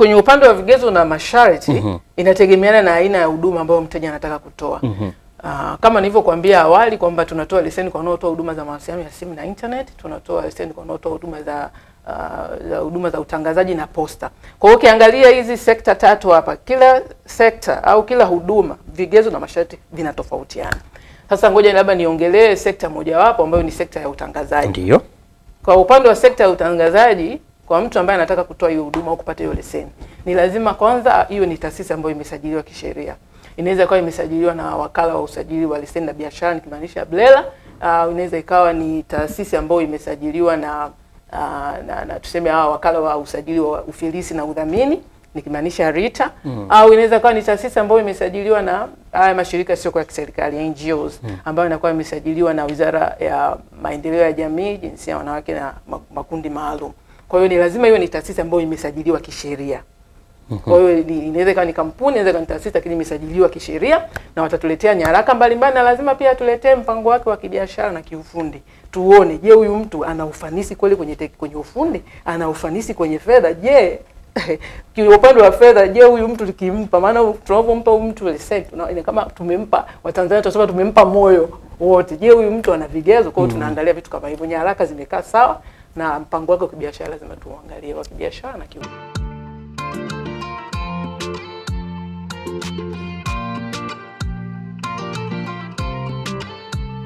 kwenye upande wa vigezo na masharti mm -hmm. inategemeana na aina ya huduma ambayo mteja anataka kutoa mm -hmm. Uh, kama nilivyokuambia awali kwamba tunatoa leseni kwa wanaotoa huduma za mawasiliano ya simu na internet, tunatoa leseni kwa wanaotoa huduma za ah, huduma uh, za, za utangazaji na posta. Kwa hiyo ukiangalia hizi sekta tatu hapa, kila sekta au kila huduma vigezo na masharti vinatofautiana. Sasa ngoja labda niongelee sekta mojawapo ambayo ni sekta ya utangazaji. Ndiyo. Kwa upande wa sekta ya utangazaji kwa mtu ambaye anataka kutoa hiyo huduma au kupata hiyo leseni, ni lazima kwanza hiyo ni taasisi ambayo imesajiliwa kisheria. Inaweza ikawa imesajiliwa na wakala wa usajili wa leseni na biashara, nikimaanisha BLELA. Uh, inaweza ikawa ni taasisi ambayo imesajiliwa na, uh, na, na tuseme hawa wakala wa usajili wa ufilisi na udhamini nikimaanisha RITA mm. au inaweza kuwa ni taasisi ambayo imesajiliwa na haya mashirika sio kwa kiserikali NGOs, mm. ambayo inakuwa imesajiliwa na Wizara ya Maendeleo ya Jamii, Jinsia, Wanawake na Makundi Maalum. Kwa hiyo ni lazima hiyo ni taasisi ambayo imesajiliwa kisheria. Mhm. Kwa hiyo inaweza ikawa ni kampuni, inaweza ikawa ni taasisi lakini imesajiliwa kisheria na watatuletea nyaraka mbalimbali na lazima pia tuletee mpango wake wa kibiashara na kiufundi. Tuone, je, huyu mtu ana ufanisi kweli kwenye teki, kwenye ufundi? Ana ufanisi kwenye fedha? Je, upande wa fedha, je, huyu mtu tukimpa, maana tunapompa huyu mtu lesenti na kama tumempa Watanzania tunasema tumempa moyo wote. Je, huyu mtu ana vigezo? Kwa hiyo mm. tunaangalia vitu kama hivyo, nyaraka zimekaa sawa na mpango wake wa kibiashara lazima tuangalie wa kibiashara na kiu